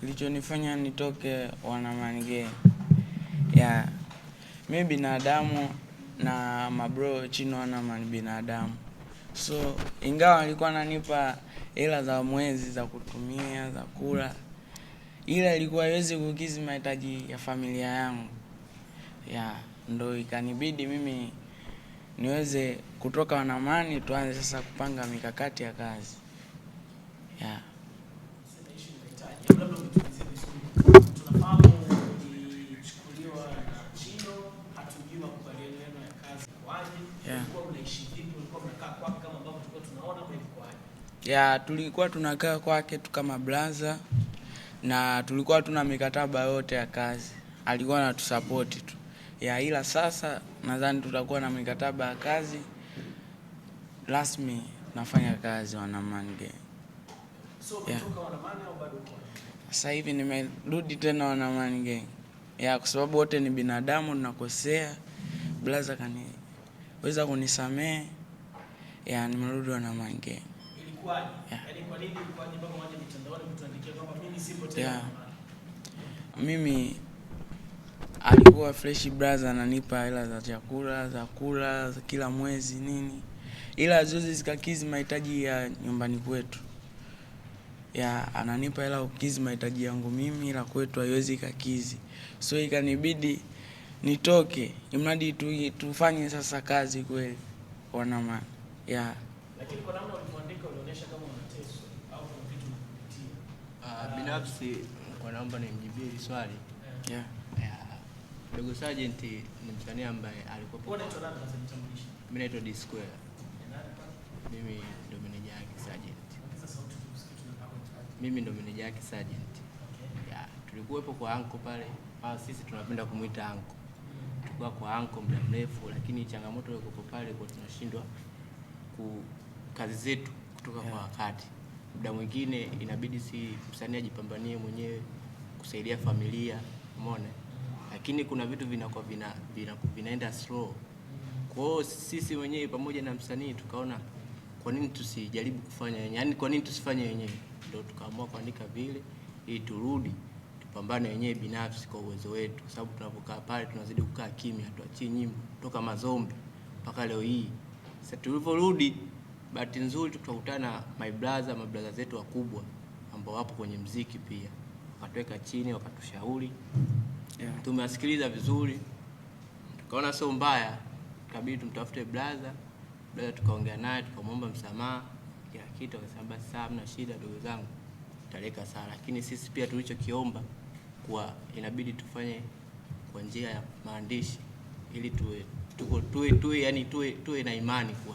Kilichonifanya nitoke wanamanige ya yeah. Mi binadamu na mabro chini wanaman binadamu, so ingawa walikuwa nanipa hela za mwezi za kutumia za kula, ila ilikuwa iwezi kukizi mahitaji ya familia yangu ya yeah. Ndo ikanibidi mimi niweze kutoka wanamani, tuanze sasa kupanga mikakati ya kazi yeah. ya tulikuwa tunakaa kwake tu kama blaza, na tulikuwa tuna mikataba yote ya kazi, alikuwa anatusapoti tu ya, ila sasa nadhani tutakuwa na mikataba ya kazi rasmi, nafanya kazi Wanaamani So, yeah. Sasa hivi nimerudi tena Wanaamani ya, kwa sababu wote ni binadamu nakosea blaza kaniweza kunisamehe ya, nimerudi Wanaamani Yaani mimi alikuwa fresh brother ananipa hela za chakula za kula za kila mwezi nini, ila zozi zikakizi mahitaji ya nyumbani kwetu ya ananipa hela ukizi mahitaji yangu mimi, ila kwetu haiwezi kakizi, so ikanibidi nitoke, imradi tu, tufanye sasa kazi kweli, kwa ya lakini kwa namna binafsi naomba nimjibie hili swali. Yeah. Dogo Sergeant ni msanii ambaye alikuwa. Mimi naitwa D Square. Mimi ndo meneja yake Sergeant. Mimi ndo meneja yake Sergeant. Yeah, tulikuwepo kwa anko pale. Ah, sisi tunapenda kumuita anko. Tulikuwa kwa anko muda mrefu, lakini changamoto ilikuwa pale kwa tunashindwa ku kazi zetu kutoka yeah, kwa wakati muda mwingine inabidi si msanii ajipambanie mwenyewe kusaidia familia, umeona. Lakini kuna vitu vinakuwa vina, vina, vinaenda slow. Kwa hiyo sisi wenyewe pamoja na msanii tukaona kwa nini tusijaribu kufanya wenyewe, yani kwa nini tusifanye wenyewe, ndio tukaamua kuandika vile ili turudi tupambane wenyewe binafsi kwa uwezo wetu, kwa sababu tunapokaa pale tunazidi kukaa kimya, tuachie nyimbo toka mazombi mpaka leo hii. Sasa tulivyorudi bahati nzuri tukakutana my brother my brother zetu wakubwa ambao wapo kwenye mziki pia, wakatuweka chini wakatushauri, yeah. Tumewasikiliza vizuri, tukaona sio mbaya, kabidi tumtafute brother brother, tukaongea naye tukamwomba msamaha kila kitu, akasema basi sawa, mna shida ndugu zangu, tutaleka sawa. Lakini sisi pia tulichokiomba kuwa inabidi tufanye kwa njia ya maandishi ili tuwe tuwe tuwe, yani tuwe tuwe na imani kwa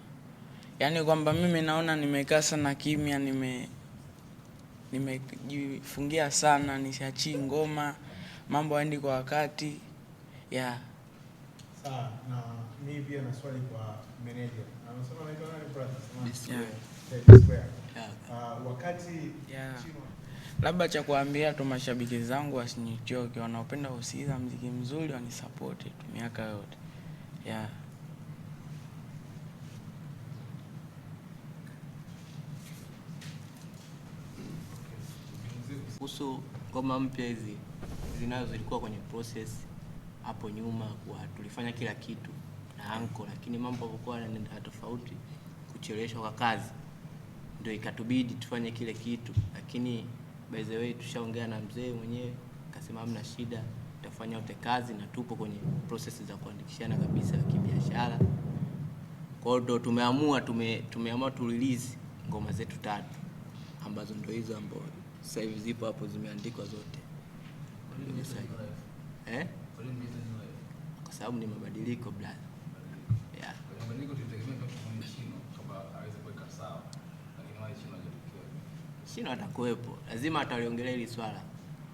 yaani kwamba mimi naona nimekaa sana kimya, nime nimejifungia sana, nisiachii ngoma, mambo aendi kwa wakati ya yeah. Sawa, na mimi pia na swali kwa anaitwa nani brother? Ah, wakati labda cha kuambia tu mashabiki zangu wasinichoke, wanaopenda kusikiza mziki mzuri wanisapoti tu miaka yote yeah. kuhusu ngoma mpya hizi zinazo zilikuwa kwenye process hapo nyuma, kwa tulifanya kila kitu na anko, lakini mambo yalikuwa yanaenda tofauti, kucheleweshwa kwa kazi ndio ikatubidi tufanye kile kitu, lakini by the way tushaongea na mzee mwenyewe akasema hamna shida, tafanya wote kazi na tupo kwenye process za kuandikishana kabisa kibiashara. Kwa hiyo tumeamua tume, tumeamua tu release ngoma zetu tatu ambazo ndo hizo ambazo sasa hivi zipo hapo, zimeandikwa zote eh? Kwa sababu ni mabadiliko brother, Shino atakuwepo, lazima ataliongelea hili swala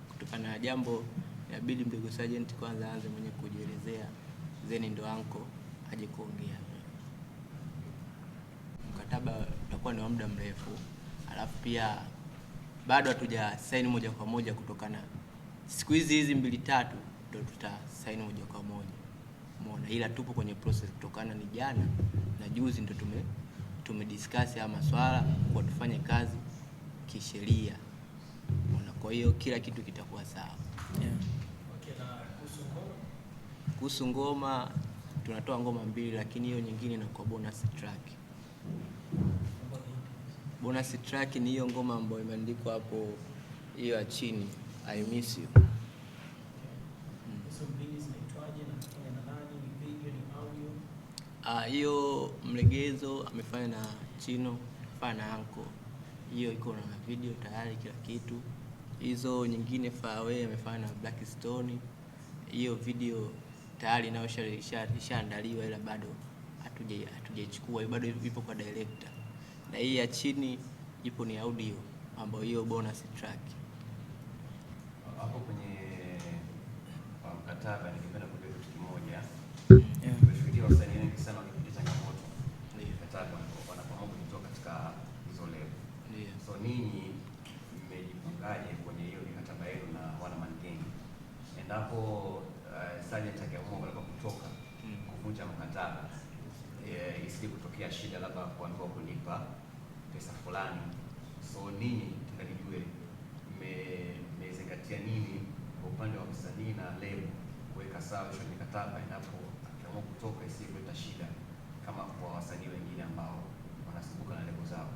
kutokana na jambo. Inabidi mdogo sergeant kwanza aanze mwenye kujielezea, then ndo anko aje kuongea. Mkataba utakuwa ni wa muda mrefu, alafu pia bado hatuja saini moja kwa moja, kutokana siku hizi hizi mbili tatu ndio saini moja kwa moja, umeona, ila tupo kwenye process, kutokana ni jana na juzi ndio tume discuss haya maswala kwa tufanye kazi kisheria, umeona. Kwa hiyo kila kitu kitakuwa sawa, yeah. Kuhusu ngoma tunatoa ngoma mbili, lakini hiyo nyingine inakuwa bonus track bonus track ni hiyo ngoma ambayo imeandikwa hapo hiyo ya chini I miss you. Ah, hiyo mlegezo amefanya na Chino faa na anko, hiyo iko na video tayari, kila kitu. Hizo nyingine fawe amefanya na Blackstone, hiyo video tayari nayo ishaandaliwa, ila bado hatujaichukua, bado ipo kwa director na hii ya chini ipo ni audio ambayo hiyo bonus track. Hapo kwenye mkataba ningependa kitu kimoja. Tumeshuhudia wasanii wengi sana wakipitia changamoto mkataba wanapoamua katika hizo So ninyi mmejipangaje kwenye hiyo mikataba yenu na wana Endapo Sajenti akiamua labda kutoka mm. kuvunja mkataba, eh, isije kutokea shida labda kuambiwa kulipa fulani. So ninyi tunalijue mmezingatia nini kwa upande wa msanii na lebo kuweka sawa hiyo mikataba inapo akiamua kutoka isiye kuleta shida kama kwa wasanii wengine ambao wanasumbuka na lebo zao.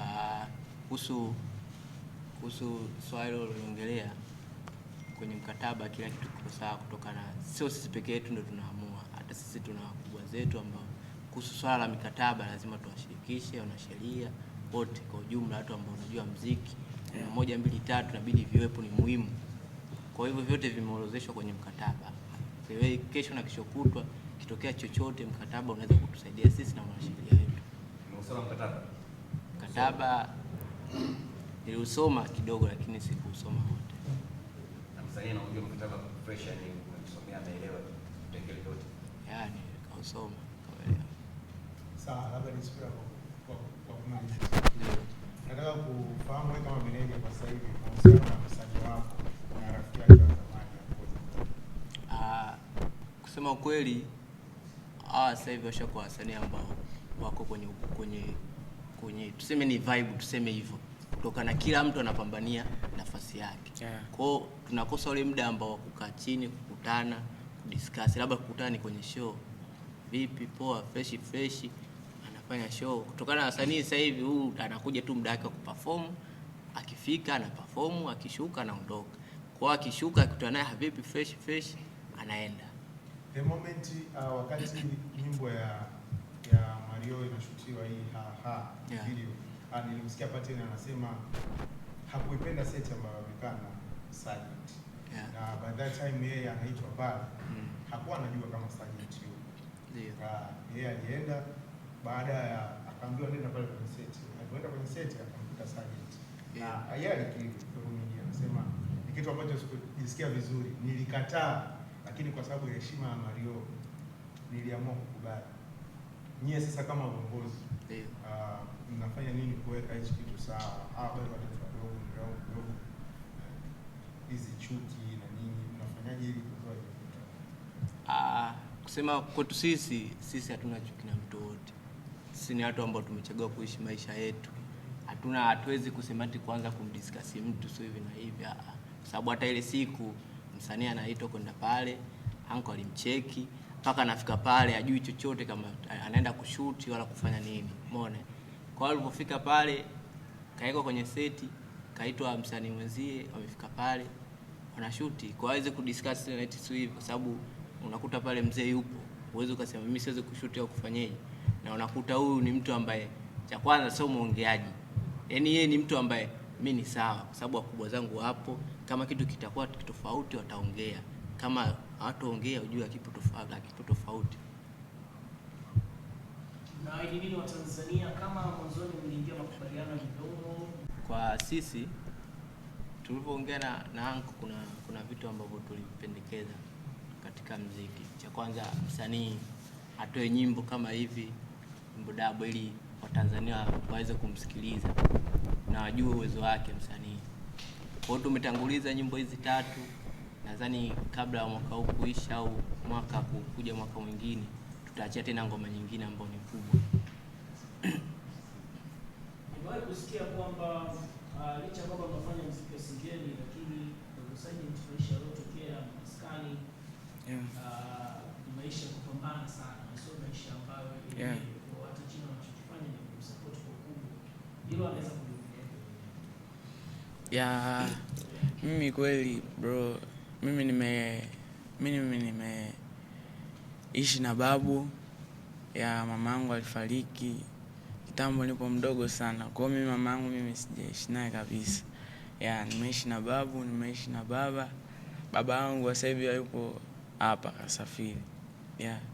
Ah, kuhusu kuhusu swali uliongelea kwenye mkataba, kila kitu kiko sawa, kutokana sio sisi peke yetu ndio tunaamua, hata sisi tuna wakubwa zetu ambao kuhusu swala la mikataba lazima tuwashirikishe wanasheria wote kwa ujumla, watu ambao wanajua mziki na moja mbili tatu inabidi viwepo, ni muhimu. Kwa hivyo vyote vimeorozeshwa kwenye mkataba. Kwa kesho na kesho kutwa kitokea chochote, mkataba unaweza kutusaidia sisi na mwanasheria wetu. Mkataba, mkataba niliusoma kidogo, lakini sikuusoma wote. Yani yaani, Sawa, labda kwa kumaliza nataka kufahamu wewe kama meneja kwa sasa hivi na wako na rafiki yake wa zamani ah, Kusema kweli, hawa sasa hivi washakuwa wasanii ambao wako kwenye kwenye kwenye tuseme ni vibe, tuseme hivyo kutokana, kila mtu anapambania nafasi yake yeah. Kwao tunakosa ule muda ambao kukaa chini kukutana, kudiscuss, labda kukutana ni kwenye show, vipi, poa, freshi freshi kufanya show, kutokana na wasanii sasa hivi, huu anakuja tu muda wake wa kuperform, akifika na perform, akishuka anaondoka. Kwa akishuka akutana naye havipi, fresh fresh, anaenda the moment. Uh, wakati nyimbo ya ya Mario inashutiwa hii ha ha yeah, video uh, nilimsikia Pateni anasema hakuipenda set ambayo amekana Sajid yeah, na by that time yeye anaitwa Bala mm, hakuwa anajua kama Sajid yupo, ndio uh, yeye alienda baada ya akaambiwa nenda pale kwenye seti, alipoenda kwenye seti akamkuta sergeant na yeye alikirudi, anasema ni kitu ambacho sikujisikia vizuri, nilikataa, lakini kwa sababu ya heshima ya Mario niliamua kukubali. Nyie sasa kama viongozi ah, mnafanya nini kuweka hichi kitu sawa? Hawa bado watoto wadogo, ndio ndio hizi chuki na nini, mnafanyaje ili kutoa? Ah, kusema kwetu sisi, sisi hatuna chuki na mtu wote sisi ni watu ambao tumechagua kuishi maisha yetu, hatuna hatuwezi kusema ati kuanza kumdiscuss mtu sio hivi na hivi, ah, ah. kwa sababu hata ile siku msanii anaitwa kwenda pale, anko alimcheki mpaka anafika pale, ajui chochote kama anaenda kushuti wala kufanya nini, umeona. Kwa hiyo alipofika pale, kaiko kwenye seti, kaitwa msanii mwenzie, wamefika pale wanashuti, kwa hiyo kudiscuss na eti sio hivi, kwa sababu unakuta pale mzee yupo, uweze ukasema mimi siwezi kushuti au kufanyaje na unakuta huyu ni mtu ambaye cha kwanza sio mwongeaji, yaani yeye ni mtu ambaye mi ni sawa, kwa sababu wakubwa zangu wapo. Kama kitu kitakuwa tofauti wataongea, kama hawataongea ujue kipo tofauti, kipo tofauti. Na wa Tanzania, kama kwa sisi tulivyoongea na, na anko, kuna kuna vitu ambavyo tulipendekeza katika mziki. Cha kwanza msanii atoe nyimbo kama hivi Mbodabo ili Watanzania waweze kumsikiliza na wajue uwezo wake msanii. Kwa hiyo tumetanguliza nyimbo hizi tatu, nadhani kabla ya mwaka huu kuisha au mwaka kuja mwaka mwingine tutaachia tena ngoma nyingine ambayo ni kubwa. Nimewahi kusikia kwamba ah, licha kwamba mnafanya muziki Ya mimi kweli bro, mimi nime mimi nimeishi na babu ya mamangu alifariki kitambo nipo mdogo sana. Kwa mimi mimi mamangu mimi sijaishi naye kabisa. Ya nimeishi na babu, nimeishi na baba. Baba yangu sasa hivi hapa kasafiri. Ya.